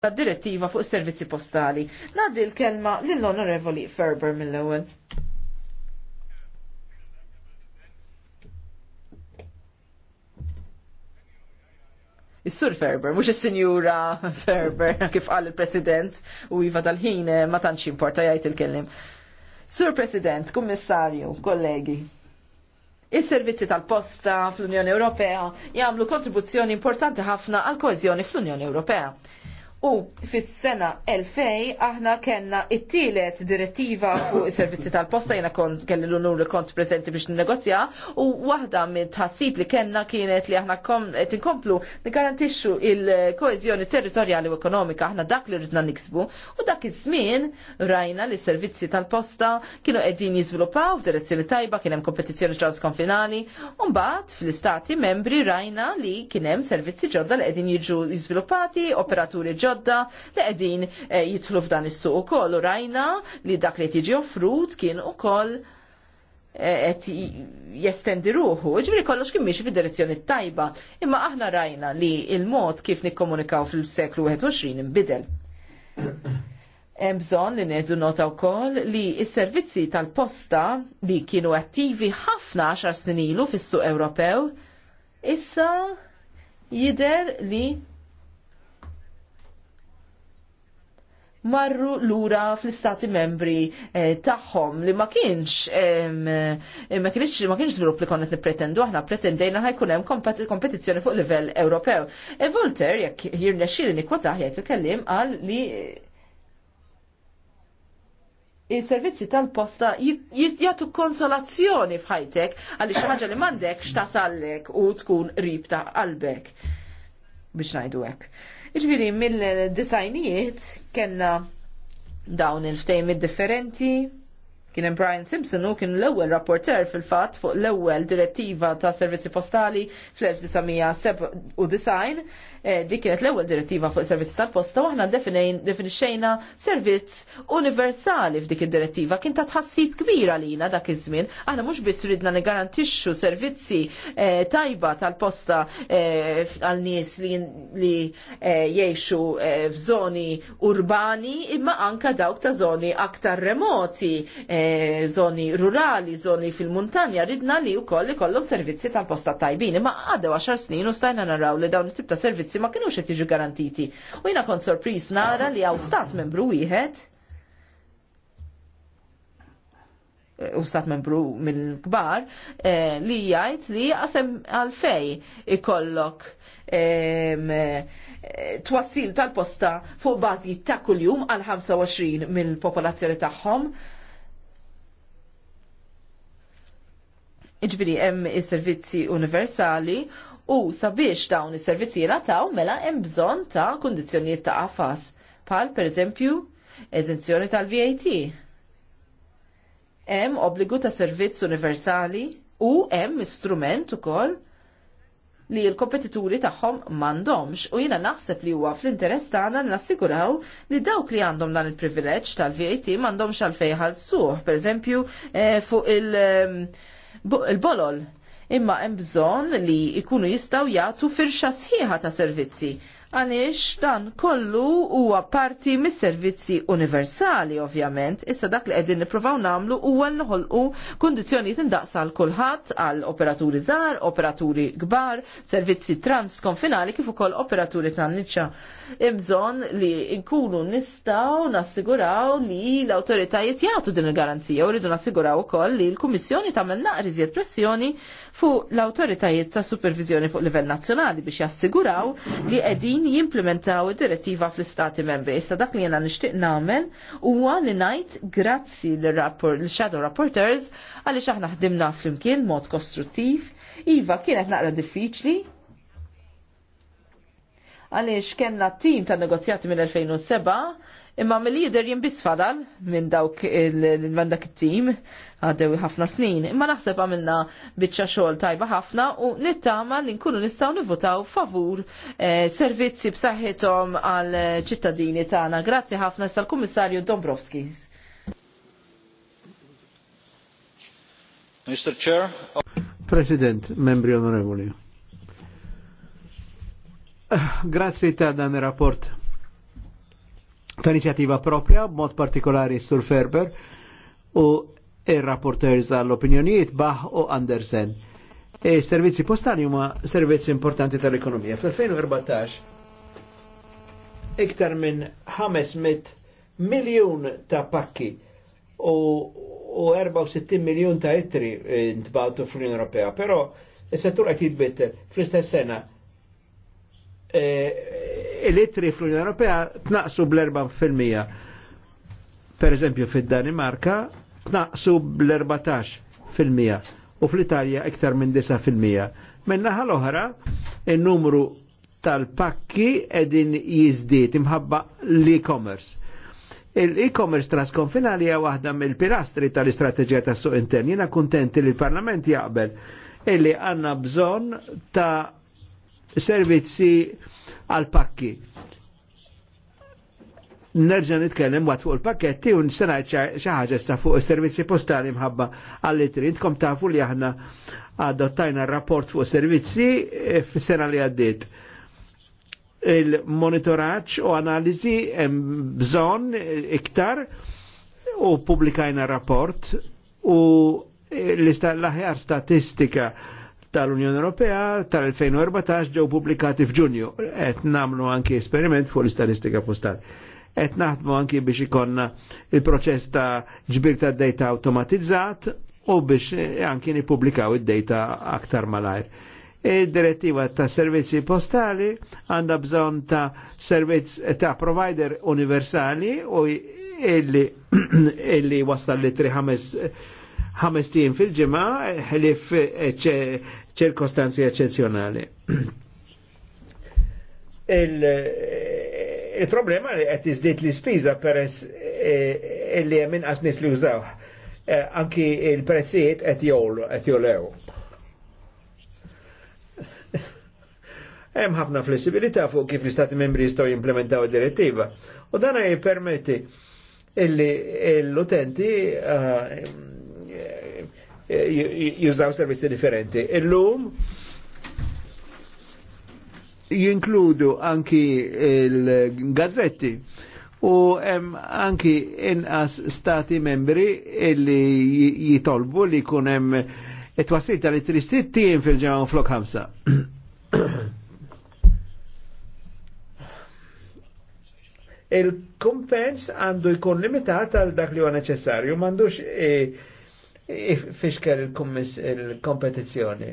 ta' direttiva fuq servizzi postali. Nadi l-kelma lill-Onorevoli Ferber mill-ewwel. Is-sur Ferber, mhux is-sinjura Ferber, kif qal il-President u iva tal-ħin eh, ma tantx importa jgħid il-kellim. Sur President, Kummissarju, kollegi, Is-servizzi tal-posta fl-Unjoni Ewropea jagħmlu kontribuzzjoni importanti ħafna għal koeżjoni fl-Unjoni Ewropea U fis-sena 2000 aħna kellna it-tielet direttiva fuq is-servizzi tal-posta jiena kont kelli l-unur li kont preżenti biex negozja u waħda minn tħassib li kellna kienet li aħna qed inkomplu nigarantixxu il-koeżjoni territorjali u ekonomika aħna dak li rridna niksbu u dak iż-żmien rajna li s-servizzi tal-posta kienu qegħdin jiżviluppaw f'direzzjoni tajba kien hemm kompetizzjoni transkonfinali u mbagħad fl-istati membri rajna li kien hemm servizzi ġodda li qegħdin jiġu jiżviluppati, operaturi ġodda ġodda li qegħdin eh, jidħlu f'dan is-suq ukoll u rajna li dak li tiġi offrut kien ukoll eh, qed jestendi ruħu, ġifieri kollox kien miex fid-direzzjoni tajba, imma aħna rajna li il-mod kif nikkomunikaw fil-seklu 21 inbidel. Hemm li neżu nota wkoll li s-servizzi tal-posta li kienu attivi ħafna 10 snin ilu fis-suq Ewropew issa jider li marru lura fl-istati membri eh, tagħhom li ma kienx eh, ma kienx ma kienx żvilupp li konnet nippretendu aħna pretendejna ħajkun hemm kompetizzjoni fuq livell Ewropew. E Volter jekk jirnexxieli nikwata il ikellim għal li il-servizzi tal-posta jgħatu konsolazzjoni fħajtek għalli xaħġa li mandek xtasallek u tkun rib ta' qalbek biex najdu hekk. Iġviri, mill-disajnijiet kena dawn il ftejmi differenti, kien hemm Brian Simpson u kien l-ewwel rapporter fil-fatt fuq l-ewwel direttiva ta' servizzi postali fl-1997 Eh, dik kienet l-ewwel direttiva fuq servizz tal-posta u aħna definixxejna servizz universali f'dik id-direttiva kien ta' tħassib kbira lina dak iż-żmien. Aħna mhux biss ridna nigarantixxu servizzi eh, tajba tal-posta eh, għal nies li jgħixu f'żoni urbani imma anka dawk ta' żoni aktar remoti, żoni rurali, żoni fil-muntanja, ridna li wkoll ikollhom servizzi tal-posta tajbin. Imma għadew 10 snin u stajna naraw li dawn it-tip ta' servizzi servizzi ma kienux qed jiġu garantiti. U jiena kont sorpriż nara li hawn stat membru wieħed u stat membru mill-kbar eh, li jgħid li qasem għalfej ikollok eh, twassil tal-posta fuq bażi ta' kuljum għal 25 mill-popolazzjoni tagħhom. Iġbiri hemm is-servizzi universali U sabiex dawn is-servizzi jingħataw mela hemm bżonn ta' kundizzjonijiet ta' qafas bħal pereżempju eżenzjoni tal-VAT. Hemm obbligu ta' servizz universali u hemm istrument ukoll li l-kompetituri tagħhom m'għandhomx u jiena naħseb li huwa fl-interess tagħna nassiguraw li dawk li għandhom dan il-privileġġ tal-VAT m'għandhomx għalfejn ħalsuh, pereżempju eh, fuq ehm, il-bolol imma hemm bżonn li jkunu jistgħu jagħtu firxa sħiħa ta' servizzi għaliex dan kollu huwa parti mis-servizzi universali ovvjament, issa dak li qegħdin nippruvaw nagħmlu huwa nħolqu kundizzjonijiet indaqsa għal kulħadd għal operaturi żgħar, operaturi kbar, servizzi transkonfinali kif ukoll operaturi tan-niċċa. Imżon li nkunu nistgħu nassiguraw li l-awtoritajiet jagħtu din il-garanzija u rridu nassiguraw ukoll li l-Kummissjoni tagħmel naqriżiet pressjoni fuq l-autoritajiet ta' supervizjoni fuq livell nazzjonali biex jassiguraw li qegħdin jimplementaw id-direttiva fl-istati membri. Issa dak li jena nixtieq nagħmel huwa li ngħid grazzi l-Shadow rapporters għaliex aħna ħdimna flimkien mod kostruttiv. Iva kienet naqra diffiċli, għaliex kena tim ta' negozjati minn 2007 Imma mill-lider jimbis fadal minn dawk il mandak dak it-tim għaddew ħafna snin. Imma naħseb għamilna bitċa xogħol tajba ħafna u nittama li nkunu nistgħu nivvotaw favur eh, servizzi b'saħħithom għal ċittadini tagħna. Grazzi ħafna sal-Kummissarju Dombrovski. Mr. Chair. Oh. President, membri onorevoli. Eh, grazzi ta' dan ir-rapport ta' inizjattiva propja, mod partikolari Sur Ferber u ir-rapporters għall-opinjonijiet Bach u Andersen. E servizzi postali huma servizzi importanti tal-ekonomija. Fl-2014 iktar minn 500 miljun ta' pakki u, u 64 miljun ta' ittri intbatu fl-Unjoni Ewropea, però is-settur qed jitbitter fl-istess sena elettri eh, fl-Unjoni Ewropea tnaqsu bl-4%. Per eżempju, fid-Danimarka tnaqsu bl-14% u fl-Italja iktar minn 9%. Minn-naħa l-oħra, il-numru tal-pakki edin jizdiet imħabba l-e-commerce. Il-e-commerce trasconfinali hija waħda mill-pilastri tal-istrateġija tas-suq intern. Jiena kuntenti li l-Parlament jaqbel illi għanna bżon ta' servizzi għal pakki. Nerġa' nitkellem waqt fuq il-pakketti u nistenajt xi ħaġa sta fuq is-servizzi postali mħabba għalli trintkom tafu li aħna adottajna rapport fuq servizzi e, f sena li għaddiet il-monitoraċ u analizi bżon iktar u publikajna rapport u l-aħjar statistika tal-Unjoni Ewropea tal-2014 ġew pubblikati f'Ġunju. Qed nagħmlu anki esperiment fuq l-istatistika postali. Qed naħdmu anki biex ikonna il-proċess ta' ġbir ta' data automatizzat u biex anki nippubblikaw id-data aktar malajr. Il-direttiva e ta' servizzi postali għandha bżonn ta' servizz ta' provider universali u illi illi wasal li 3 ħames fil-ġimgħa ħlif ċirkostanzi eccezjonali. Eh, il-problema li għet izdit l-ispiża peress eh, illi hemm inqas li użaw. Eh, anki il-prezzijiet għet jowlu għet jolew. Hemm ħafna flessibilità fuq kif l-Istati membri jistgħu jimplementaw id-direttiva. U dan jippermetti illi l-utenti jużaw servizzi differenti. Illum jinkludu anki il-gazzetti u hemm anki inqas stati membri illi jitolbu li kunem hemm it-twasil tal-ittrisittin fil-ġemgħa flok ħamsa. il-kumpens għandu jkun limitat għal dak li huwa neċessarju, m'għandux eh, fixker il-kompetizjoni.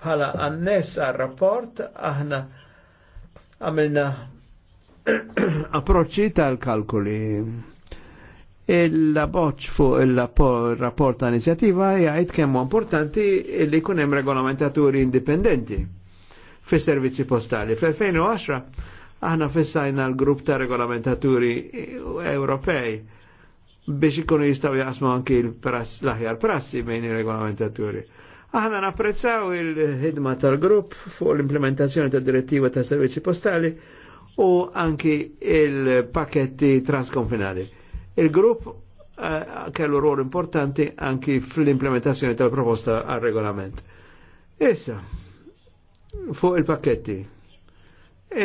Bħala annes għal-rapport, aħna għamilna approċċi tal-kalkuli. Il-boċ fuq il-rapport ta' inizjativa jgħid kemm importanti li jkun hemm regolamentaturi indipendenti fis servizzi postali. Fl-2010 aħna fissajna l-grupp ta' regolamentaturi Ewropej biex ikkunu jistaw jasmu anki l-aħjar prassi bejn il-regolamentaturi. Aħna napprezzaw il-ħidma tal-grupp fuq l-implementazzjoni tad direttiva ta' servizzi postali u anki il-paketti transkonfinali. Il-grupp eh, kellu ruol importanti anki fl-implementazzjoni tal-proposta għal regolament. Issa, fuq il-paketti.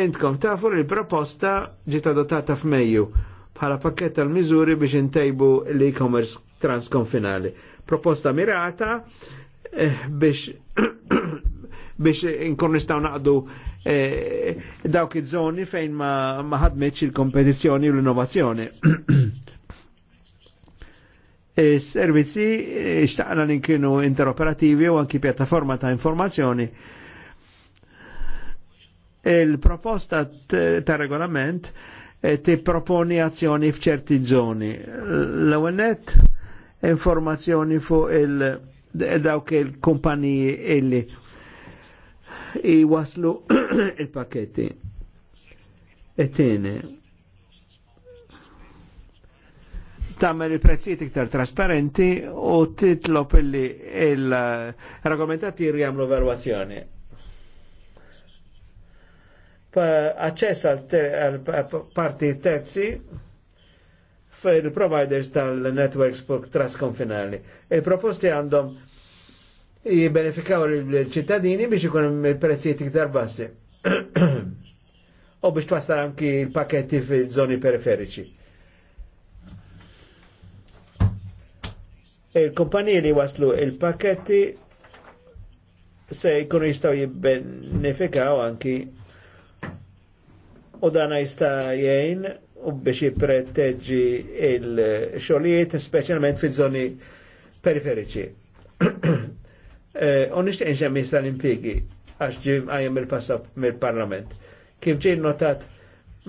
Intkom ta' li il proposta ġiet adottata f'Mejju bħala pakket tal-miżuri biex intejbu l-e-commerce transkonfinali. Proposta mirata eh, biex biex inkun nistaw naqdu eh, dawk iż-żoni fejn ma, ma ħadmitx il-kompetizzjoni u l-innovazzjoni. Is-servizzi eh, e eh, xtaqna li kienu interoperativi u anki pjattaforma ta' informazzjoni. Il-proposta ta' regolament eh, E ti proponi azzjoni f'ċerti zoni. L-għonet informazzjoni fuq il- dawk il-kumpaniji illi jwaslu il-paketti. Etene. Tamer il-prezzijiet iktar trasparenti u titlop illi il ragomentati jirjamlu valwazzjoni aċċess għal parti terzi fil-providers tal-networks trasconfinali. Il-proposti għandhom jibenefikaw l ċittadini biex ikun il-prezzijiet iktar bassi. U biex twassal anki il-paketti fil-żoni periferiċi. Il-kumpaniji li waslu il-paketti se jkunu jistaw jibbenefikaw anki u dana jista' jgħin u biex jipretteġi il-xogħlijiet, speċjalment fi zoni periferiċi. Eh, u nishtiq nxem jista' l impigi għax ġim għajem mill-parlament. Kif ġej notat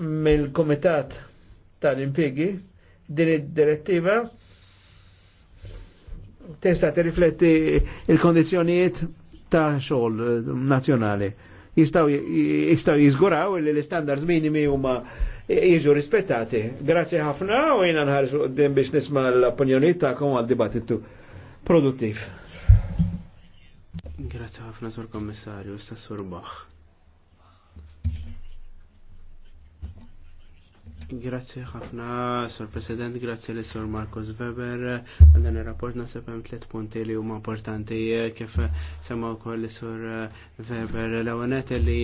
mill-Komitat tal-Impjegi, din id-direttiva testa rifletti il-kondizjonijiet ta' xogħol eh, nazzjonali jistaw jizguraw li l-standards minimi huma jiġu rispettati. Grazie ħafna u jina nħarġ għoddim biex nisma l-opinjoni ta'kom għal-dibattitu produttiv. Grazie ħafna, Sor Kommissarju, Sassur Bach. Grazzi ħafna, Sor President, grazzi li Sor Marcos Weber. Għandan il-rapport nasib hemm tliet punti li huma importanti kif semma wkoll li Sor Weber l-ewenet li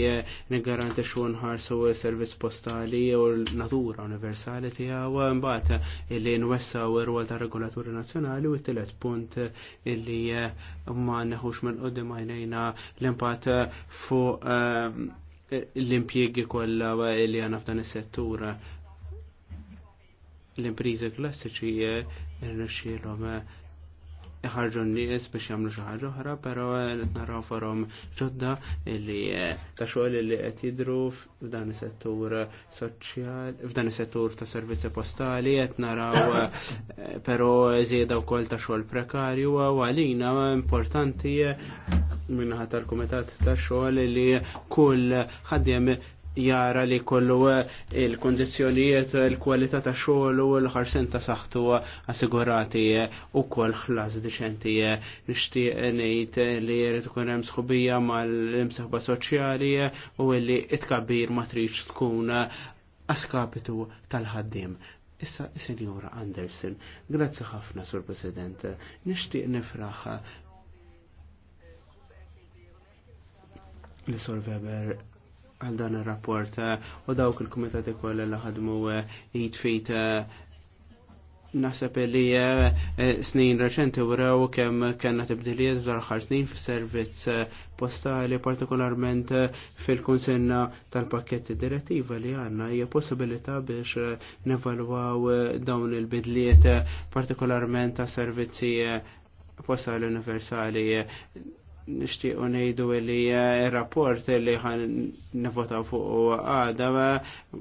niggaranti xu nħarsu servizz postali u l-natura universali tiegħu mbagħad illi nwessaw ir-rwol ta' regolaturi nazzjonali u t-tielet punt illi ma neħux minn qudiem għajnejna l-impatt fuq eh, l-impjiegi kollha li għana f'dan is-settura l-imprizi klassiċi jirnaxxilhom eh, eh, iħarġu n-nies biex jagħmlu xi ħaġa oħra, pero eh, naraw forhom ġodda li ta' xogħol li qed jidhru f'dan is-settur soċjali, f'dan is-settur ta' servizzi postali qed naraw però u wkoll ta' xogħol prekarju u għalina importanti minnaħat tal-Kumitat ta' xogħol li kull ħadjem jara li kollu eh, il-kondizjonijiet, il-kwalità ta' xogħol u l-ħarsen ta' saħħtu assigurati eh, u kol ħlas diċenti eh. nixtieq ngħid li jrid ikun hemm sħubija mal-imsaħba soċjali u li it ma trix tkun askapitu tal-ħaddim. Issa, Senjora Anderson, grazzi ħafna, Sur President, nixtieq nifraħ li Weber għal dan ir-rapport eh, u dawk il-kumitati kollha li ħadmu jitfit eh, eh, nasab li snin reċenti wraw kemm kellna tibdiliet fl-aħħar snin fis-servizz postali partikolarment fil-kunsenna tal-pakketti direttiva li għanna hija possibilità biex nevalwaw dawn il-bidliet partikolarment ta' servizzi postali universali nishtiqu nejdu li eh, il-rapport li ħan nivota fuq għada eh,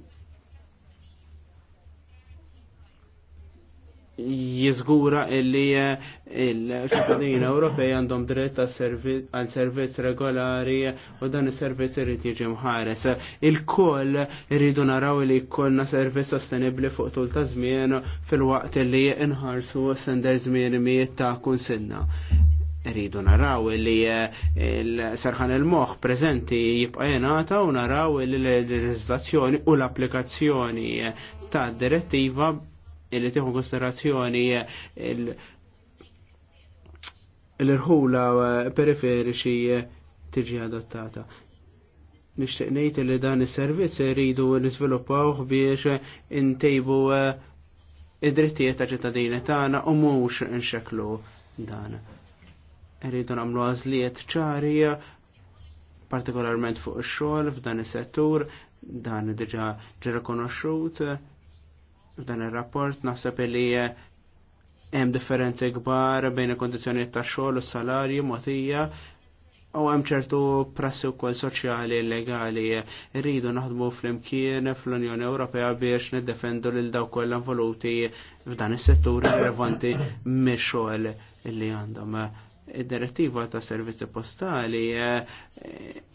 jizgura illi eh, il-ċittadini Ewropej għandhom dritt għal servizz regolari u dan is-servizz irid jiġi mħares. Il-koll irridu naraw li jkollna servizz sostenibbli fuq tul ta' żmien fil-waqt li inħarsu żmien minimi ta' kunsinna rridu naraw li eh, l-sarħan il-moħ prezenti jibqa' jenata u naraw li l-legislazzjoni u l-applikazzjoni ta' direttiva li tieħu konsiderazzjoni l-irħula periferiċi tiġi adattata. Nixtieq ngħid li dan is-servizz rridu niżviluppawh biex intejbu eh, id-drittijiet ta' ċittadini tagħna u mhux nxeklu dan rridu nagħmlu għażliet ċari partikolarment fuq ix-xogħol f'dan is-settur, dan diġà ġi rikonoxxut f'dan ir-rapport naħseb li hemm differenzi kbar bejn il-kondizzjonijiet tax-xogħol u s-salarji mogħtija u hemm ċertu prassi wkoll soċjali legali rridu naħdmu flimkien fl-Unjoni Ewropea biex niddefendu lil dawk kollha involuti f'dan is-settur relevanti mix-xogħol li għandhom id-direttiva ta' servizzi postali eh,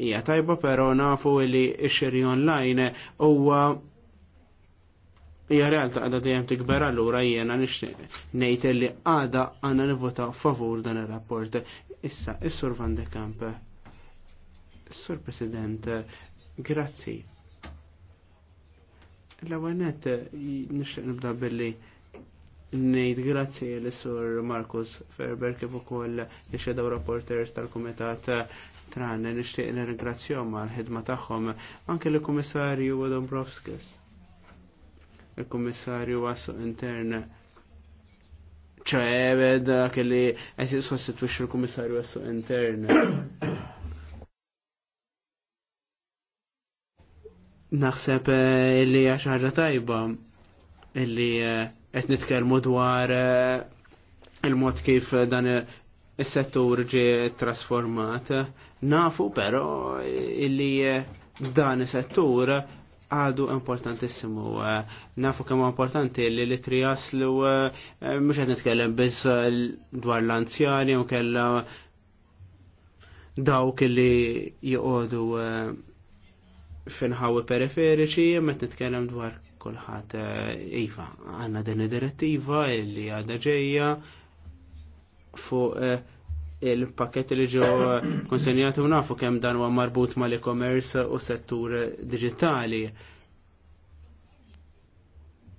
hija tajba però nafu li x-xiri online huwa hija realtà għadha dejjem tikber allura jiena nixtieq ngħid li għada għandna nivota favur dan ir-rapport. Issa, is-Sur Van de Kamp. Sur President, grazzi. L-ewwel nixtieq nibda billi Nejt grazzi l-sur Markus Ferber kif ukoll li xedaw rapporters tal-Kumitat Tran nixtieq nirringrazzjahom għall-ħidma tagħhom anke l-Kummissarju Dombrovskis. Il-Kummissarju għassu intern ċaħed kelli qed sostituix il-Kummissarju għassu intern. Naħseb illi eh, għax ħaġa tajba illi eh, qed nitkellmu dwar eh, il-mod kif dan eh, is-settur ġie trasformat. Nafu però eh, illi dan is-settur għadu importantissimu. Nafu kemm importanti li li trijaslu mhux qed nitkellem biss dwar l-anzjani u kellha dawk li joqogħdu finħawi periferiċi, meta nitkellem dwar kulħadd eh, iva għandna din id-direttiva li għadha ġejja fuq eh, il-pakket li ġew eh, konsenjati u nafu kemm dan huwa marbut mal-e-commerce u settur diġitali.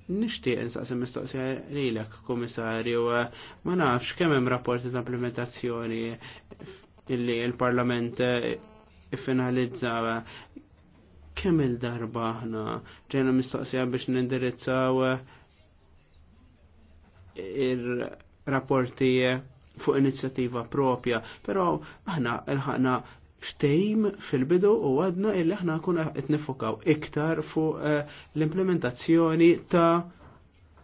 Nixtieq insaqsi mistoqsija lilek, komissarju, ma nafx kemm hemm rapporti ta' implementazzjoni illi l-Parlament iffinalizza kemm il-darba aħna ġejna mistoqsija biex nindirizzaw ir-rapporti fuq inizjattiva propja, però aħna l-ħana ftejm fil-bidu u għadna illi aħna kun qed nifokaw iktar fuq eh, l-implementazzjoni ta'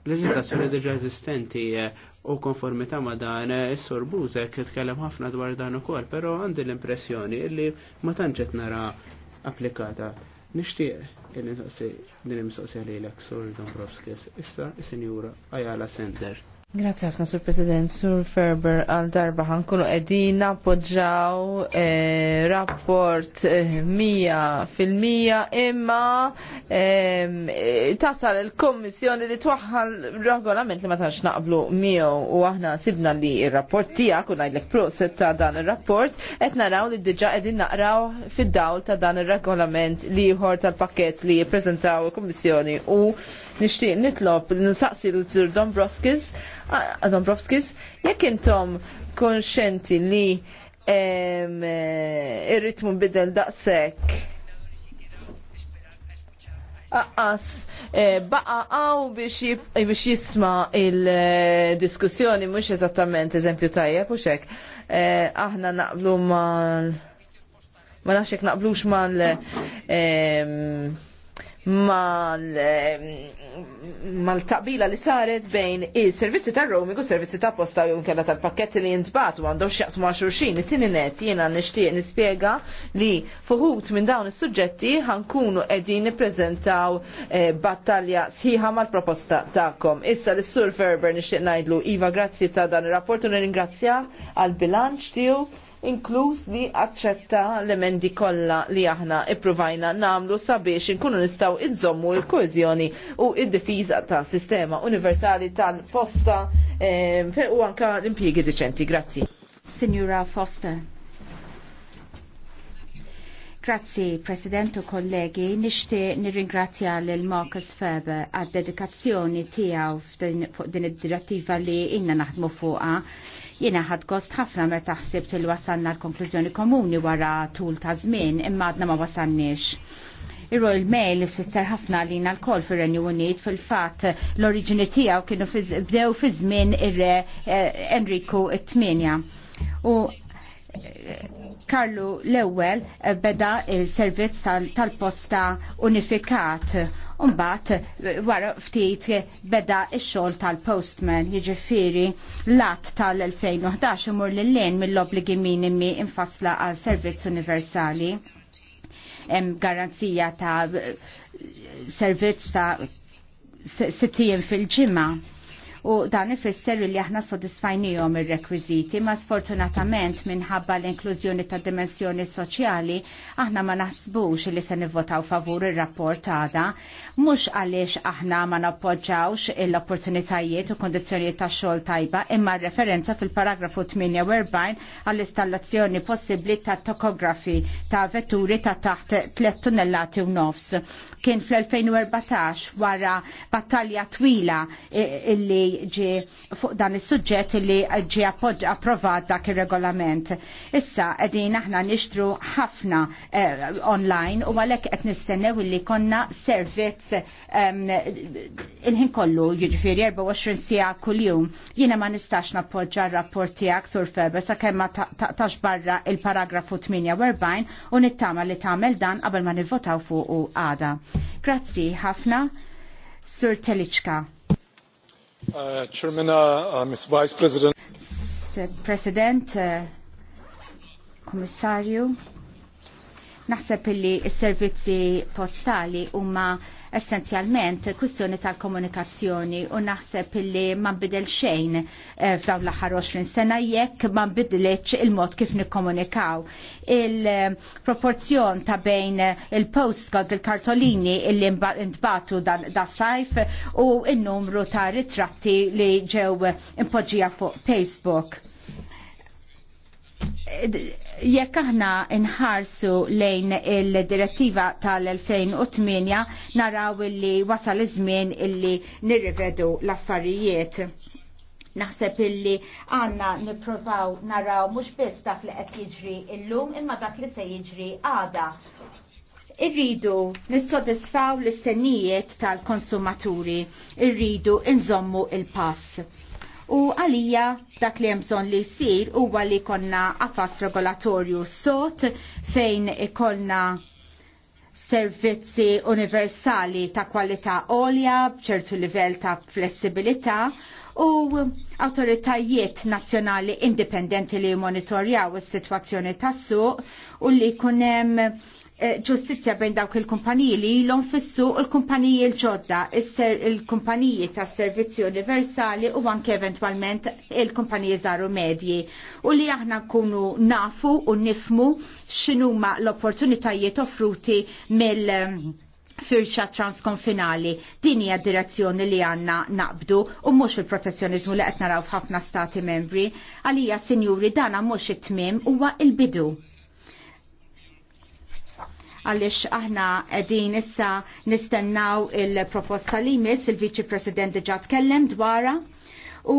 leġislazzjoni diġa eżistenti eh, u konformità ma' dan eh, is-sur Buzek tkellem ħafna dwar dan ukoll, però għandi l-impressjoni illi ma tantx nara applikata. Nishtiq il-nisaqsi din il-mistoqsija li sur Dombrovskis, issa il-senjura Ajala Sender. Grazie ħafna Sur President Sur Ferber għal darba ħankunu qegħdin appoġġaw eh, rapport eh, mija fil-mija imma eh, tasal il-Kommissjoni li twaħħal regolament li ma tantx naqblu miegħu u aħna sibna li r-rapport tiegħek u ngħidlek proset ta' dan ir-rapport qed naraw li diġà qegħdin naqraw fid-dawl ta' dan ir-regolament li jħor tal-pakkett li jippreżentaw il-Kummissjoni u nixtieq nitlob nsaqsi l-Sur Dombrovskis Ah, Dombrovskis, jekk intom konxenti li eh, il ritmu bidel daqshekk aqqas eh, baqa għaw biex jisma il-diskussjoni mux eżattament eżempju tajjeb u eh, Aħna naqblu mal ma naħxek naqblux mal mal-taqbila li saret bejn il-servizzi ta' roaming u servizzi ta' posta u nkella tal-pakketti li jintbatu għandhom xaqs ma' xurxin. It-tini net jena nishtiq nispiega li fuħut minn dawn is-suġġetti ħankunu edin niprezentaw eh, battalja sħiħa mal-proposta ta'kom. Issa l-Sur Ferber nishtiq najdlu Iva grazzi ta' dan il-rapport u nirringrazzja għal-bilanċ tiegħu inkluż li aċċetta l-emendi kollha li aħna ippruvajna nagħmlu sabiex inkunu nistgħu iżommu l-kohezjoni u d difiża ta' sistema universali tal-posta eh, u anka l-impjiegi diċenti. Grazzi. Signora Foster. Grazzi, President u kollegi, nishti nirringrazzja l-Marcus Ferber għad dedikazzjoni tijaw fuq din id-direttiva li inna naħdmu fuqa. Jena ħad gost ħafna meta taħsib til wasanna l-konklużjoni komuni wara tul ta' żmien imma għadna ma wasannix. Ir-Royal Mail fisser ħafna li l koll fir renju Unit fil-fat l-oriġini tijaw kienu bdew fi żmien ir-re eh, Enrico 8. Karlu l-ewwel eh, beda il-servizz tal-posta unifikat Umbat, eh, wara ftit beda ix-xogħol tal-postman, jiġifieri l-att tal-2011 imur lil-lejn mill-obbligi minimi infasla għal servizz universali. Hemm garanzija ta' eh, servizz ta' sittijem fil-ġimgħa u dan ifisser li aħna sodisfajnijom ir-rekwiżiti ma sfortunatament minħabba l-inklużjoni ta' dimensjoni soċjali aħna ma naħsbux li se nivvotaw favur ir-rapport għada mhux għaliex aħna ma nappoġġawx l-opportunitajiet u kondizjonijiet ta' xogħol tajba imma referenza fil-paragrafu 48 għall-installazzjoni possibbli ta' tokografi ta' vetturi ta' taħt 3 tunnellati u nofs. Kien fl-2014 wara battalja twila illi ġi fuq dan is-suġġett illi ġi approvat dak ir-regolament. Issa qegħdin aħna nixtru ħafna eh, online u għalhekk qed nistennew illi konna servizz qiegħed il-ħin kollu jiġifieri 24 sija kuljum. Jiena ma nistax nappoġġa r-rapport tiegħek sur febe sakemm ma taċ barra il-paragrafu 48 u nittama li tagħmel dan qabel ma nivvotaw fuq u għada. Grazzi ħafna Sur Teliċka. Uh, Chairman, uh, uh, Ms. Vice President. President, Komissarju, naħseb illi s-servizzi postali huma essenzjalment kwistjoni tal-komunikazzjoni u naħseb li ma nbidel xejn eh, f'dawn l-aħħar 20 sena jekk ma nbidilx il-mod kif nikkomunikaw. Il-proporzjon ta' bejn il-postcard il-kartolini illi ntbatu da' sajf u il-numru ta' ritratti li ġew impoġġija fuq Facebook jekk aħna nħarsu lejn il-direttiva tal-2008 naraw illi wasal iż-żmien illi nirrivedu l-affarijiet. Naħseb illi għanna nipprovaw naraw mhux biss dak li qed jiġri illum imma dak li se jiġri għada. Irridu nissodisfaw l-istennijiet tal-konsumaturi, irridu nżommu il-pass u għalija dak li jemson li jisir huwa li konna għafas regolatorju sot fejn ikollna servizzi universali ta' kwalità olja bċertu livell ta' flessibilità u autoritajiet nazzjonali indipendenti li monitorjaw is-sitwazzjoni tas-suq u li kunem Eh, ġustizzja bejn dawk il-kumpaniji li ilhom fissu u l-kumpaniji l-ġodda, il-kumpaniji tas servizzi universali u anke eventwalment il-kumpaniji żaru medji. U li aħna nkunu nafu u nifmu x'inhuma l-opportunitajiet offruti mill eh, firxa transkonfinali. Din hija direzzjoni li għanna naqbdu u mhux il-protezzjonizmu li qed naraw f'ħafna stati membri. Għalija, sinjuri, dana mhux it-tmiem huwa il-bidu għaliex aħna qegħdin issa nistennaw il-proposta li jmiss il-Viċi President diġà tkellem dwarha u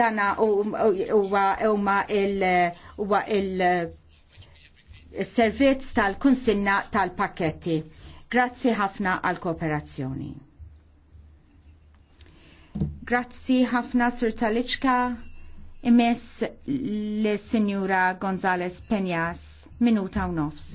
dana huma il-servizz tal-kunsinna tal-pakketti. Grazzi ħafna għall kooperazzjoni Grazzi ħafna Sir Talicka, imess l-Sinjura Gonzales Penjas minuta u nofs.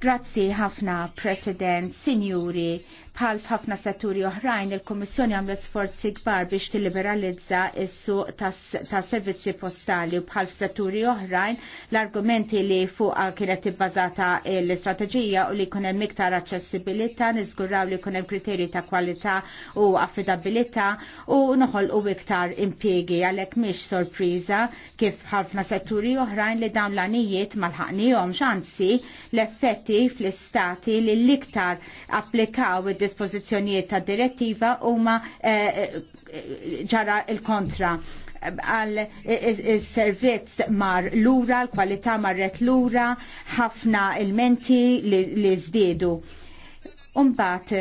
Grazzi ħafna, President, Sinjuri, bħal ħafna setturi oħrajn il-Kommissjoni għamlet sforzi kbar biex tilliberalizza is-suq ta' servizzi postali u bħal setturi oħrajn l-argumenti li fuqa kienet ibbażata l-istrateġija u li jkun hemm iktar aċċessibilità, niżguraw li jkun hemm kriterji ta' kwalità u affidabilità u noħolqu iktar impiegi għalhekk mhix sorpriża kif ħafna setturi oħrajn li dawn l anijiet mal x'anzi l-effetti esperti fl-istati li l-iktar applikaw id-dispożizzjonijiet ta' direttiva huma eh, eh, ġara il-kontra għal eh, servizz mar lura, l-kwalità marret lura, ħafna il-menti li, li zdedu. Umbat,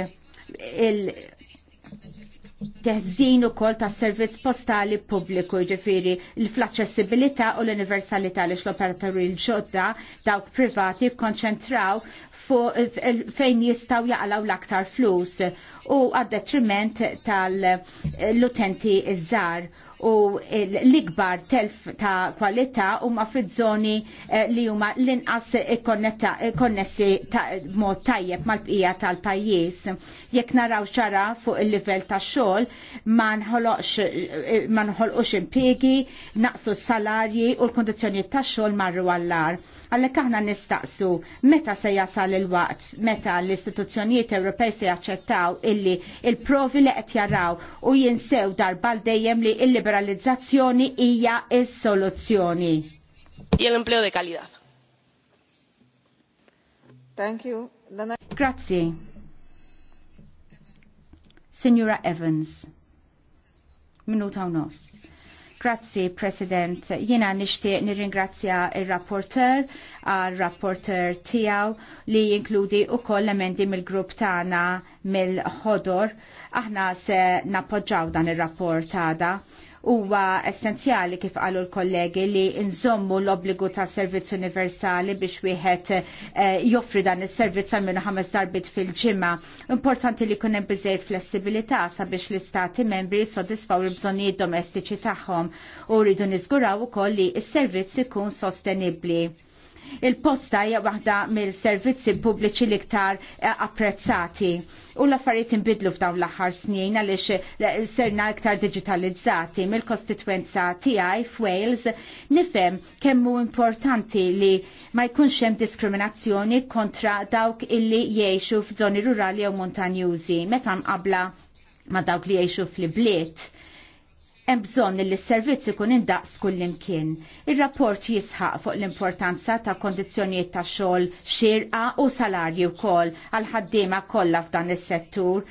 il teħżin u kol ta' servizz postali pubbliku ġifiri l flaċessibilita u l-universalità li l-operatori l-ġodda dawk privati konċentraw fejn jistaw jaqalaw l-aktar flus u għad-detriment tal-utenti iż-żar u e, l-ikbar telf ta' kwalità huma ma żoni e, li huma l-inqas konnessi mod tajjeb mal-bqija tal-pajjiż. Jekk naraw xara fuq il-livell tax xogħol ma e, nħolqux impjiegi, naqsu s-salarji u l-kondizzjonijiet tax xogħol marru għall-ar. Għallek aħna nistaqsu meta se jasal il-waqt, meta l-istituzzjonijiet Ewropej se jaċċettaw illi il-provi li qed jaraw u jinsew darbal dejjem li il-liberalizzazzjoni hija s soluzzjoni Il l el empleo de calidad. Thank you. Grazie. Signora Evans. Minuta u nofs. Grazzi, President. Jina nishti nirringrazzja il-rapporter, għal-rapporter tijaw li jinkludi u koll emendi mill-grupp tana mill-ħodor. Aħna se napoġġaw dan il-rapport għada huwa essenzjali kif qalu l-kollegi li nżommu l-obbligu ta' servizz universali biex wieħed eh, joffri dan is-servizz għal minnu ħames darbit fil ġimma Importanti li jkun hemm flessibilità sabiex l-istati membri jissodisfaw il-bżonnijiet domestiċi tagħhom u rridu niżguraw ukoll li s-servizz ikun sostenibbli Il-posta hija waħda mill-servizzi pubbliċi l-iktar eh, apprezzati. U l-affarijiet inbidlu f'dawn l-aħħar snin għaliex eh, serna iktar digitalizzati mill kostitwenza tiegħi f'Wales nifhem kemm hu importanti li ma jkunx hemm diskriminazzjoni kontra dawk illi jgħixu f'żoni rurali jew montanjużi meta mqabla ma dawk li jgħixu fl-bliet hemm bżonn li s-servizz ikun indaqs kullimkien. Ir-rapport jisħaq fuq l-importanza ta' kondizzjonijiet ta' xogħol xirqa u salarji wkoll għal ħaddiema kollha f'dan is-settur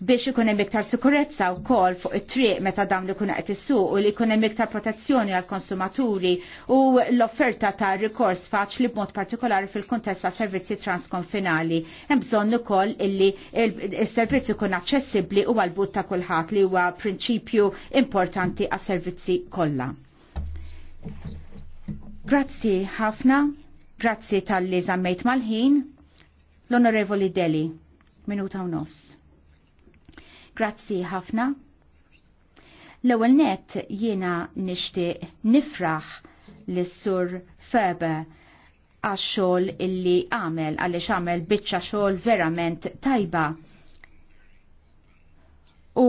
biex ikun hemm iktar sikurezza wkoll fuq it-triq meta dawn li kun qed u li jkun hemm iktar protezzjoni għall konsumaturi u l-offerta ta' rikors faċli b'mod partikolari fil-kuntest ta' servizzi transkonfinali. Hemm bżonn ukoll illi s-servizzi il kun aċċessibbli u għal-but ta' kulħadd li huwa prinċipju importanti għas-servizzi kollha. Grazzi ħafna, grazzi tal-li mal-ħin, l-Onorevoli Deli, minuta u nofs. Grazzi ħafna. L-ewwel net jiena nixtieq nifraħ lis-sur Feber għax-xogħol illi għamel għaliex għamel biċċa xogħol verament tajba.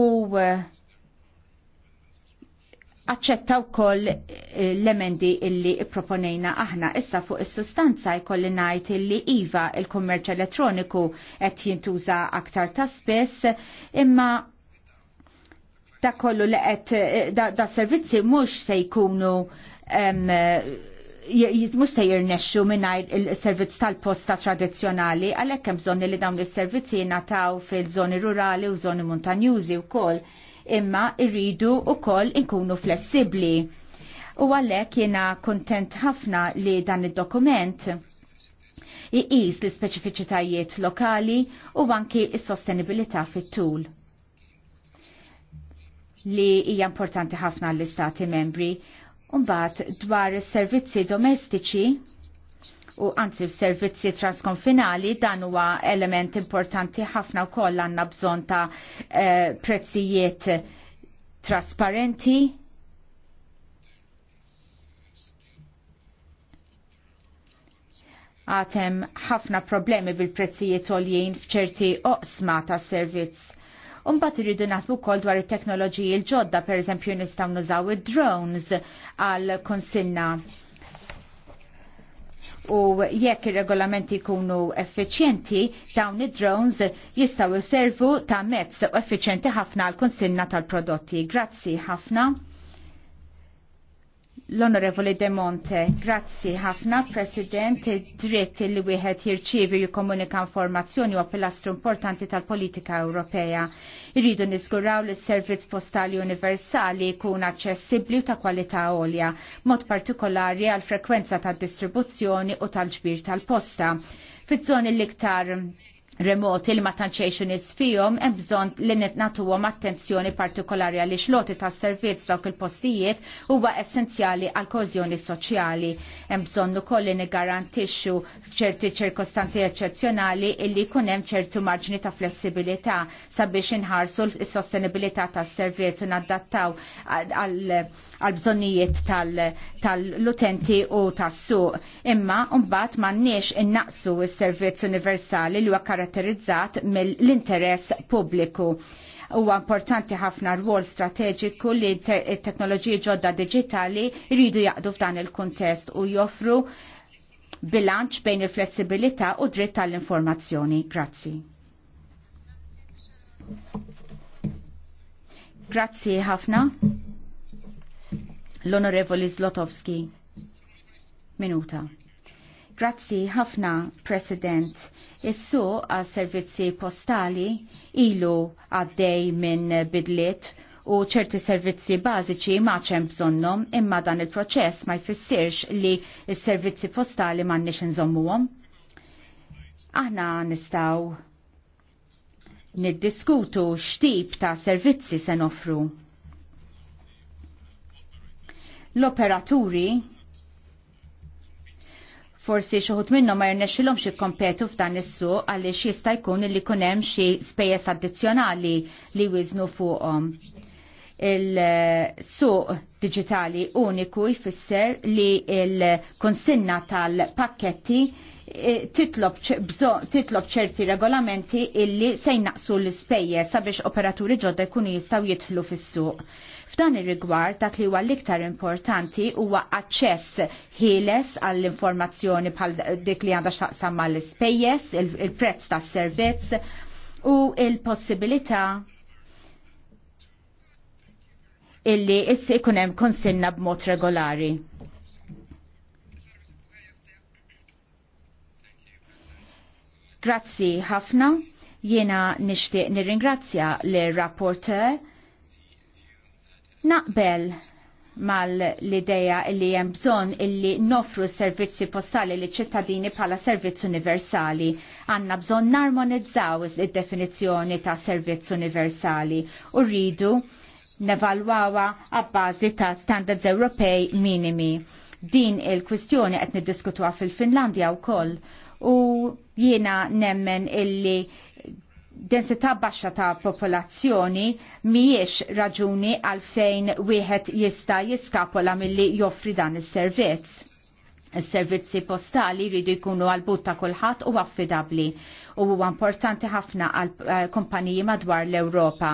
U uh, Aċċetta wkoll eh, l-emendi illi proponejna aħna issa fuq is-sustanza jkolli ngħid illi iva il-kummerċ elettroniku qed jintuża aktar ta' spess imma ta' kollu li qed eh, da, servizzi mhux se jkunu mhux se jirnexxu mingħajr il-servizz tal-posta tradizzjonali għalhekk hemm bżonn li dawn is-servizzi nataw fil-żoni rurali u żoni montanjużi wkoll imma irridu wkoll inkunu flessibbli. U għalhekk jiena kuntent ħafna li dan id-dokument iqis l-speċifiċitajiet lokali u anki s-sostenibilità fit-tul li hija importanti ħafna l-istati membri. un dwar is-servizzi domestiċi u anzi f-servizzi transkonfinali dan huwa element importanti ħafna koll għandna bżonn ta' eh, prezzijiet trasparenti għatem ħafna problemi bil-prezzijiet oljien fċerti oqsma ta' servizz. Umbat irridu nasbu kol dwar it-teknoloġiji il ġodda per eżempju nistaw nużaw id-drones għal konsilna u jekk ir-regolamenti jkunu effiċjenti dawn id-drones jistgħu jservu ta' mezz effiċjenti ħafna għal konsinna tal-prodotti. Grazzi ħafna. L-Onorevoli De Monte, grazzi ħafna, President, dritt li wieħed jirċievi u jikkomunika informazzjoni u pilastru importanti tal-politika Ewropea. Irridu niżguraw li s-servizz postali universali jkun aċċessibbli u ta' kwalità għolja, mod partikolari għal frekwenza tad distribuzzjoni u tal-ġbir tal-posta. Fiż-żoni l-iktar remoti li ma tantxejxu nis fihom hemm bżonn li nagħtuhom attenzjoni partikolari għaliex loti tas servizz dawk il-postijiet huwa essenzjali għal kożjoni soċjali. Hemm bżonn ukoll li niggarantixxu f'ċerti ċirkostanzi eċċezzjonali illi jkun hemm ċertu marġni ta' flessibilità sabiex inħarsu s-sostenibilità tas-servizz u nadattaw għal bżonnijiet tal-utenti u tas-suq. Imma mbagħad m'għandniex innaqsu s-servizz universali li huwa karatterizzat mill-interess pubbliku huwa importanti ħafna rwol strateġiku li t-teknoloġiji ġodda digitali jridu jaqdu f'dan il-kuntest u joffru bilanċ bejn il-flessibilità u dritt tal-informazzjoni. Grazzi. Grazzi ħafna. L-Onorevoli Zlotowski. Minuta. Grazzi ħafna, President. Issu għas servizzi postali ilu għaddej minn bidliet u ċerti servizzi bażiċi ma ċem bżonnom imma dan il-proċess ma jfissirx li s-servizzi postali ma nix nżommuhom. Aħna nistaw niddiskutu x'tip ta' servizzi se nofru. L-operaturi forsi xoħut minnu ma xilom xie kompetu f'dan is-su għalli xie sta' jkun li kunem xie spejjes addizjonali li wiznu fuqom. Il-suq digitali uniku jfisser li il-konsinna tal-pakketti eh, titlob ċerti regolamenti illi se jnaqsu l-spejje sabiex operaturi ġodda jkunu jistaw jitħlu fis-suq F'dan ir-rigward dak li huwa l-iktar importanti huwa aċċess ħieles għall-informazzjoni bħal dik li għandha x'taqsam mal-ispejjeż, il-prezz tas-servizz u il-possibilità illi issi ikun hemm konsinna b'mod regolari. Grazzi ħafna. Jiena nixtieq nirringrazzja l-rapporteur Naqbel mal-ideja l li hemm bżonn illi nofru s-servizzi postali li ċittadini bħala servizz universali. Għanna bżonn narmonizzaw id-definizzjoni ta' servizz universali u rridu nevalwawa għabbażi ta' standards Ewropej minimi. Din il-kwistjoni qed niddiskutuha fil-Finlandja wkoll u jiena nemmen illi densità baxxa ta' popolazzjoni mhijiex raġuni għalfejn wieħed jista' jiskapola milli joffri dan is-servizz. Is-servizzi postali jridu jkunu għal-but ta' kulħadd u affidabbli u huwa importanti ħafna għal eh, kumpaniji madwar l-Ewropa.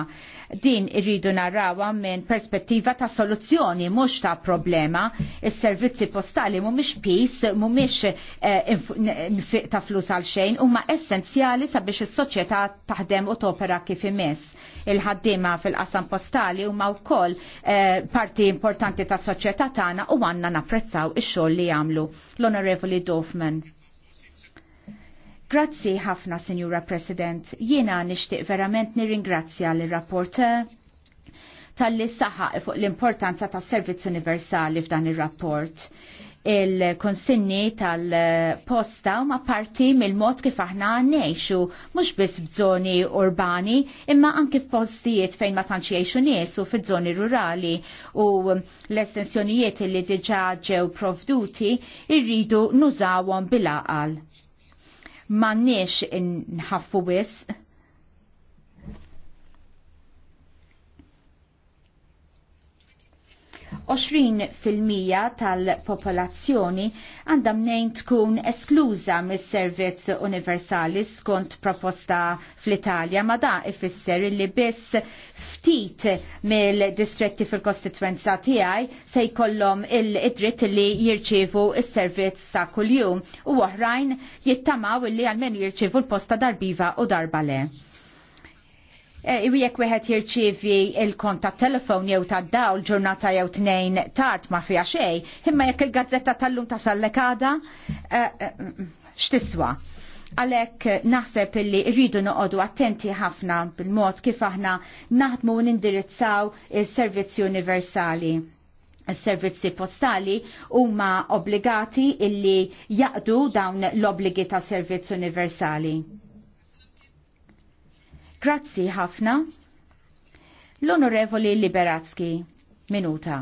Din irridu narrawa minn perspettiva ta' soluzzjoni mhux ta' problema. Is-servizzi postali mhumiex pis, mhumiex eh, ta' flus għal xejn, huma essenzjali sabiex is-soċjetà taħdem u topera kif imiss il-ħaddima fil-qasam postali huma wkoll eh, parti importanti tas soċjetà tagħna u għandna napprezzaw ix-xogħol li jagħmlu. L-Onorevoli Dofman. Grazzi ħafna, Sinjura President. Jiena nixtieq verament nirringrazzja l rapporteur tal-li saħaq fuq l-importanza tas servizz universali f'dan ir rapport il-konsinni tal-posta ma parti mill-mod kif aħna neħxu, mux biss f'żoni urbani, imma anki f'postijiet fejn ma tantx jgħixu nies u f'żoni rurali u l-estensjonijiet li diġa ġew provduti irridu nużawhom bil-aqal m'għandniex nħaffu wis 20% tal-popolazzjoni għandha mnejn tkun eskluża mis-servizz universali skont proposta fl-Italja ma da ifisser li biss ftit mill-distretti fil-kostituenza tiegħi se jkollhom il-dritt li jirċievu s-servizz ta' kuljum u oħrajn jittamaw li għalmen jirċievu l-posta darbiva u darba le. Eh, jekk wieħed jirċievi il-kont ta' telefon jew ta' dawl ġurnata jew tnejn tard ma fiha xejn, imma jekk il-gazzetta tal-lum ta' sallekada eh, eh, x'tiswa. Għalhekk naħseb illi rridu noqogħdu attenti ħafna bil-mod kif aħna naħdmu u nindirizzaw is-servizzi universali. Is-servizzi postali huma obbligati illi jaqdu dawn l obbligi ta' servizz universali Grazzi ħafna. L-Onorevoli Liberatski, minuta.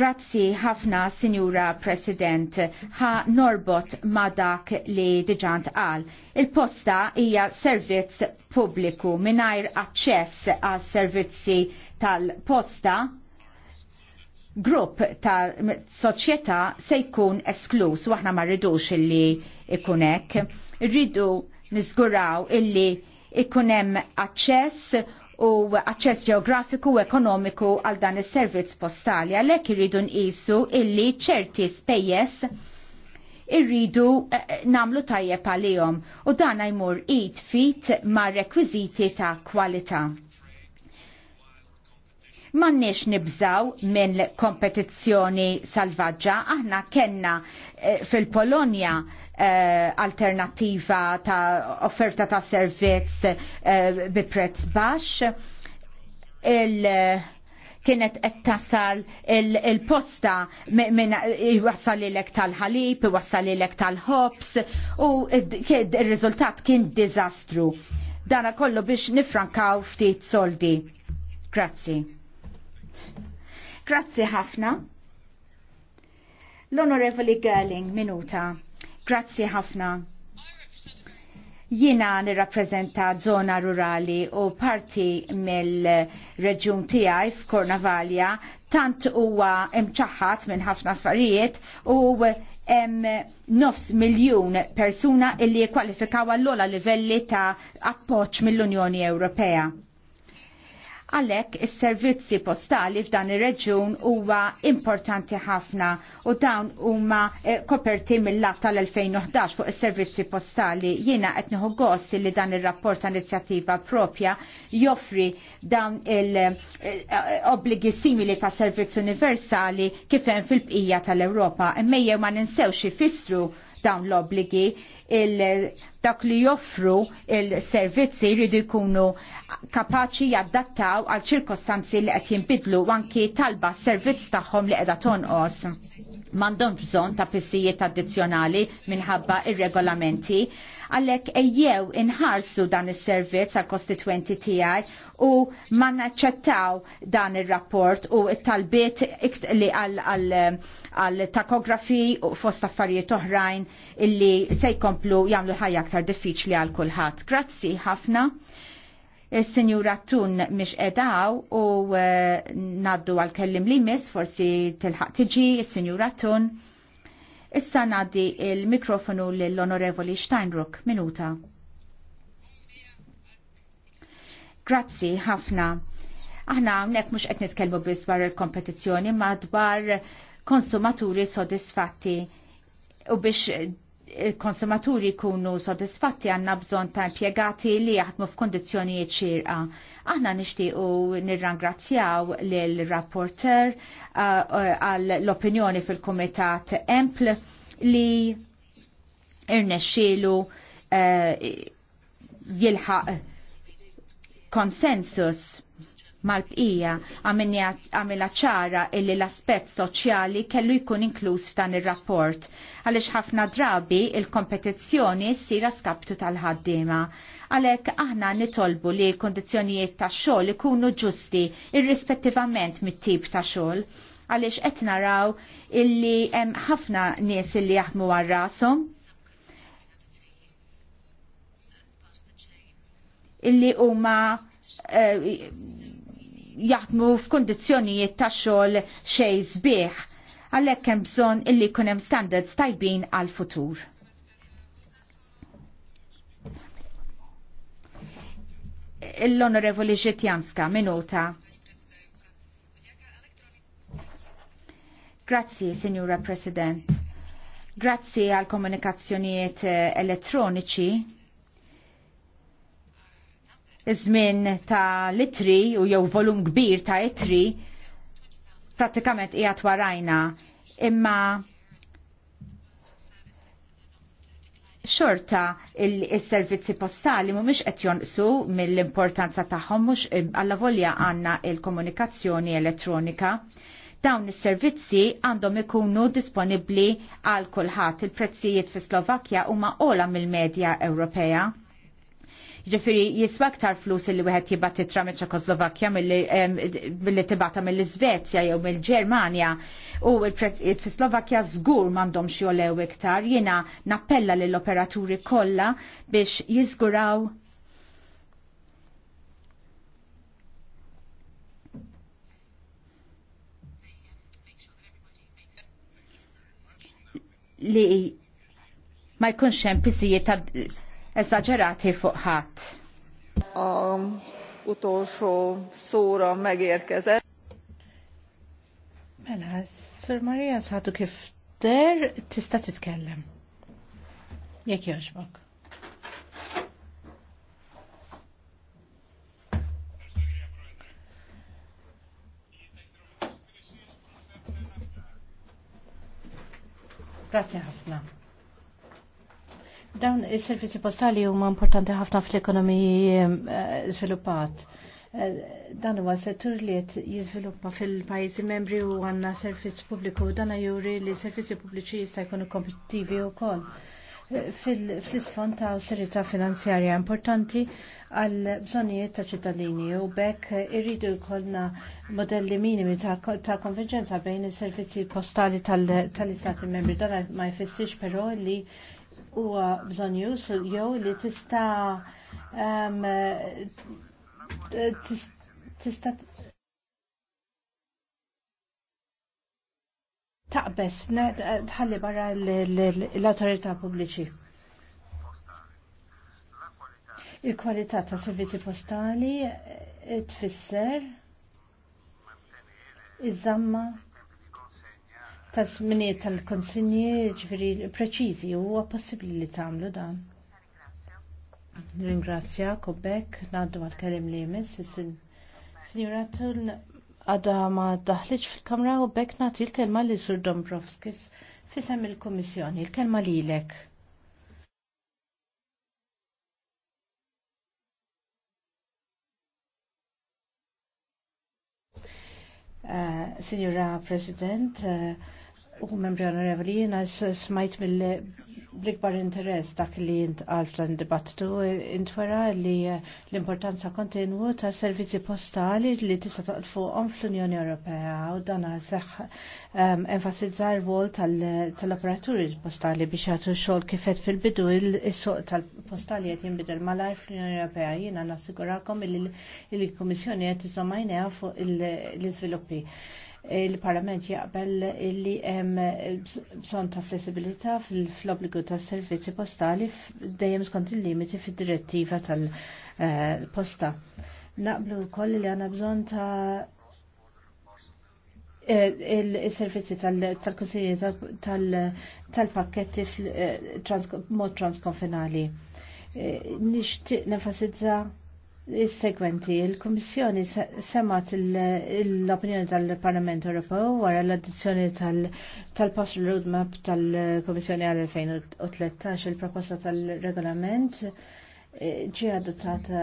Grazzi ħafna, Sinjura President, ħa norbot ma dak li diġant għal. Il-posta hija servizz pubbliku mingħajr aċċess għas servizzi tal-posta grupp ta' soċjetà se jkun esklus waħna aħna ma rridux illi ikun hekk. Rridu niżguraw illi ikunem hemm aċċess u aċċess ġeografiku u ekonomiku għal dan is-servizz postali għalhekk irridu nqisu illi ċerti spejjeż irridu eh, namlu tajjeb għalihom u dan jmur id fit ma' rekwiżiti ta' kwalità. Mannix nibżaw minn kompetizzjoni salvaġġa, aħna kenna eh, fil-Polonja uh, alternativa ta' offerta ta' servizz uh, bi prezz baxx. Il, kienet qed tasal il-posta minn iwassal lilek tal-ħalib, iwassal lilek tal-ħobs u il-riżultat kien diżastru. Dana kollu biex nifrankaw ftit soldi. Grazzi. Grazzi ħafna. L-Onorevoli Gerling, minuta. Grazzi ħafna. Jiena nirrappreżenta żona rurali u parti mill-reġjun tiegħi f'Kornavalja tant huwa imċaħħat minn ħafna affarijiet u hemm nofs miljun persuna illi jikkwalifikaw għall-ola livelli ta' appoġġ mill-Unjoni Ewropea. Għalhekk is-servizzi postali f'dan ir-reġjun huwa importanti ħafna u dawn huma eh, koperti mill-lat tal-2011 fuq is-servizzi postali. Jiena qed nieħu gost li dan ir-rapport ta' inizjattiva propja joffri dawn il-obbligi eh, simili ta' servizz universali kif hemm fil-bqija tal-Ewropa. Immejjew ma ninsewx ifissru dawn l-obbligi dak li joffru il-servizzi jridu jkunu kapaċi jaddattaw għal ċirkostanzi li qed jinbidlu anki talba servizz tagħhom li qiegħda tonqos. M'għandhom bżonn ta' pissijiet addizzjonali minħabba ir-regolamenti, għalhekk ejjew inħarsu dan is-servizz għal kostitwenti tiegħi u ma naċċettaw dan ir-rapport u t-talbiet li għal takografi u fost affarijiet oħrajn illi se jkun jkomplu jagħmlu ħajja aktar diffiċli għal kulħadd. Grazzi ħafna. Is-Sinjura Tun mhix edaw u eh, ngħaddu għal kellim li miss forsi tilħaq tiġi is-Sinjura Tun. Issa ngħaddi il-mikrofonu lill-Onorevoli Steinruck minuta. Grazzi ħafna. Aħna hawnhekk mhux qed nitkellmu biss dwar il-kompetizzjoni ma dwar konsumaturi sodisfatti u biex konsumaturi kunu sodisfatti għanna bżon ta' impiegati li jaħdmu f'kondizjoni xirqa. Aħna nixtiequ nirrangrazzjaw l-rapporter uh, għall l-opinjoni fil-Kumitat Empl li irnexxielu uh, jilħaq konsensus mal-bqija għamilna ċara illi l-aspett soċjali kellu jkun inkluż f'dan ir-rapport għaliex ħafna drabi il-kompetizzjoni ssir skaptu tal-ħaddiema. Għalhekk aħna nitolbu li l kondizjonijiet tax-xogħol ikunu ġusti irrispettivament mit-tip ta' xogħol għaliex qed naraw illi hemm ħafna nies illi jaħdmu għal rashom illi huma eh, jaħdmu f'kundizzjonijiet ta' xogħol xejn sbieħ għalhekk hemm bżonn illi jkun hemm standards tajbin għall futur L-Onorevoli Ġitjanska, minuta. Grazzi, Signora President. Grazzi għal komunikazzjonijiet eh, elettroniċi żmien ta' litri u jew volum kbir ta' itri pratikament hija warajna imma xorta il-servizzi postali mhumiex qed jonqsu mill-importanza tagħhom mhux alla volja għandna il-komunikazzjoni elettronika. Dawn is-servizzi għandhom ikunu disponibbli għal kulħadd il-prezzijiet fi Slovakkja huma ola mill-medja Ewropea. Ġifiri, jiswa aktar flus li wieħed jibba titra mill ċekoslovakkja milli tibata mill-Iżvezja jew mill-Ġermanja u l-prezzijiet fi Slovakkja żgur m'għandhomx jolew iktar. Jiena nappella lill-operaturi kollha biex jiżguraw li ma jkunx hemm pisijiet ta' eżaġerati fuq ħadd. Um, utolsó szóra megérkezett. Mela, Sir Maria sadu kif der tista' titkellem. Jek jogħġbok. Grazie ħafna. Dawn is-servizzi postali huma importanti ħafna fl-ekonomiji żviluppat. Eh, eh, dan huwa settur li qed jiżviluppa fil-pajjiżi membri u għandna servizz pubbliku u dan juri li servizzi pubbliċi jista' jkunu kompetittivi wkoll. Eh, fl-isfond ta' serjetà finanzjarja importanti għal bżonijiet ta' ċittadini u bekk irridu jkollna modelli minimi ta' konvergenza bejn is-servizzi postali tal-Istati membri. Dan ma jfissirx però li huwa bżonn bżonjus jew li tista' tista' taqbes tħalli barra l-autorità pubbliċi. Il-kwalità ta' servizzi postali eh, tfisser iż-żamma ta' żminijiet tal konsigni ġifieri preċiżi huwa possibbli li tagħmlu dan. Ringrazzja kobbek ngħaddu għal-kelim li jmiss Sinjura Tull għada ma daħliċ fil-kamra u bekk nagħti l-kelma li Sur Dombrovskis fisem il-Kummissjoni, l-kelma lilek. Uh, Signora President, uh, U membri onorevoli, jena smajt mill-ikbar interess dak li jint għalftan dibattu intwera li eh, l-importanza kontinwu ta' servizzi postali li tista' toqfuqhom fl-Unjoni Ewropea u dan seħ ehm, enfasizza r-wol tal-operaturi postali biex jagħtu xogħol kifet fil-bidu is-suq tal-postali qed jinbidel malajr fl-Unjoni Ewropea jiena nassigurakom li l-Kummissjoni qed iżommajnejha fuq l-iżviluppi il-Parlament jaqbel li hemm bżonn ta' flessibilità fl-obbligu tas servizzi postali dejjem skont il-limiti fid-direttiva tal-posta. Naqblu wkoll li għandna bżonn ta' il-servizzi tal-konsilji tal-pakketti eh, mod transkonfinali. Eh, nixtieq nenfasizza Is-segwenti, il kummissjoni semat l-opinjoni tal-Parlament Ewropew wara l-addizzjoni tal post Roadmap tal-Kommissjoni għal 2013 il-proposta tal-regolament ġiet adottata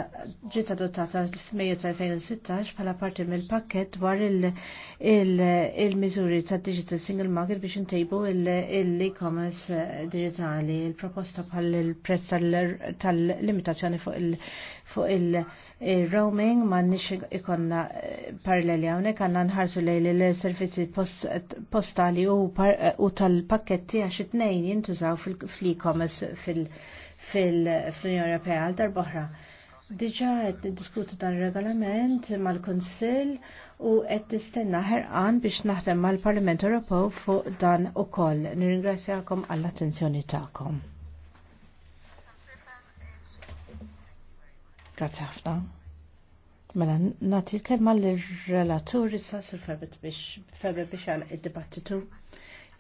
f'Mejju tal-2016 bħala parti mill-pakket dwar il-miżuri tad digital single market biex intejbu l-e-commerce eh, digitali. Il-proposta bħal il-prezz tal-limitazzjoni fuq il-roaming ma nix ikonna eh, paralleli hawnhekk għandna nħarsu lejn l servizzi postali u tal-pakketti għax it-tnejn jintużaw fil-e-commerce fil-, -fil fil-Unjoni Ewropea għal darboħra. Diġa qed diskutu dan regolament mal-Kunsill u qed nistenna ħerqan biex naħdem mal-Parlament Ewropew fuq dan ukoll. Nirringrazzjakom għall-attenzjoni tagħkom. Grazzi ħafna. Mela, nati l-kelma l-relatur issa s-febet biex, febet biex għal id-dibattitu.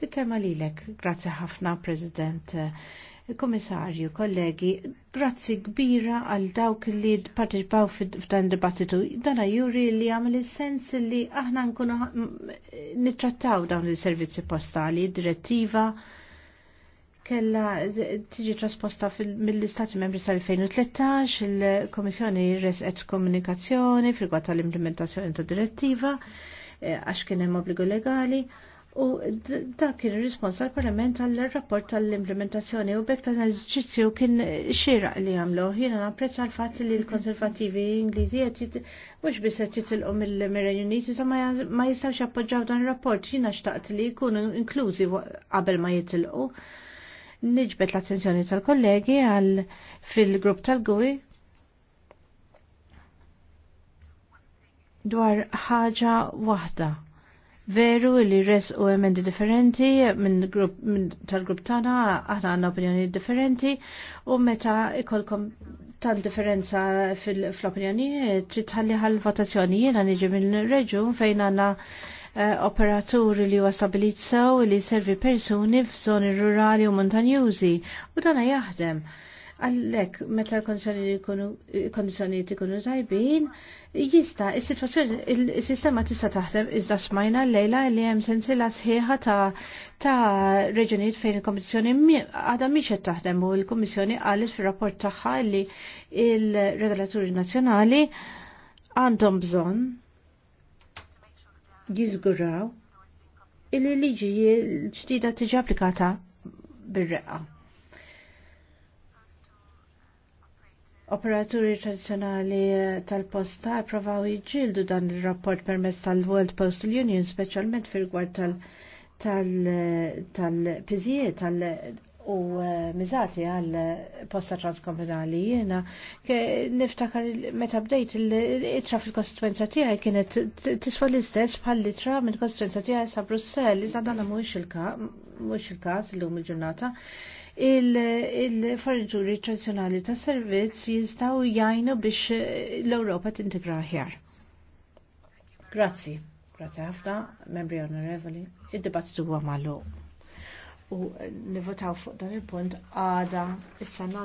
Il-kelma li l-ek, grazie ħafna, President. Komissarju, kollegi, grazzi kbira għal dawk li partipaw f'dan dibattitu. Dana juri li għamil sens li aħna nkunu nittrattaw dawn il-servizzi postali, direttiva, kella tiġi trasposta mill-Istati Membri sal-2013, il-Komissjoni Reset komunikazzjoni fil tal-implementazzjoni ta' direttiva, eh, għax kien hemm obbligu legali, U dak kien ir-rispons tal-Parlament għall-rapport tal-implementazzjoni u bekk tal l-eżerċizzju kien xieraq li għamlu. Jiena napprezza l-fatt li l-Konservattivi Ingliżi qed mhux biss qed jitilqu mill-Mirren Uniti sa ma jistgħux appoġġaw dan ir-rapport. Jiena xtaqt li jkunu inklużi qabel ma jitilqu. Niġbet l-attenzjoni tal-kollegi għal fil-grupp tal-GUI dwar ħaġa waħda Veru li res u emendi differenti minn grupp min tal-grupp tana, aħna għanna opinjoni differenti u meta ikolkom tal differenza fil-opinjoni ħalli ħal votazzjoni jena niġi minn reġun fejn għanna eh, operaturi li huwa stabilit sew li servi persuni f'żoni rurali u montanjużi u dana jaħdem. Għallek, meta l-kondizjonijiet ikunu tajbin, Jista, il-situazzjoni, il-sistema tista taħdem, iżda smajna l-lejla li hemm sensila sħiħa ta' ta' reġunijiet fejn il-Komissjoni għadha miċet qed taħdem u l-Komissjoni qalet fir-rapport tagħha li il-regolaturi nazzjonali għandhom bżonn jiżguraw il-liġi l-ġdida tiġi applikata bir-reqqa Operaturi tradizjonali eh, tal-posta provaw jġildu dan il-rapport permess tal-World Postal Union, specialment fil-gwar tal-pizijiet tal, tal, eh, u eh, miżati għal posta transkomunali jena niftakar meta bdejt il-itra fil-kostituenza tiegħi kienet tiswa l-istess bħal-litra minn kostituenza tiegħi sa' Brussell, iżda dan mhux il-każ, mhuwiex il każ il lum il każ illum il ġurnata il-forniġuri tradizjonali ta' servizz jistaw jajnu biex l-Europa tintegra ħjar. Grazzi, grazzi ħafna, membri onorevoli, id-dibattitu huwa magħluq. U nivotaw fuq dan il-punt għada issa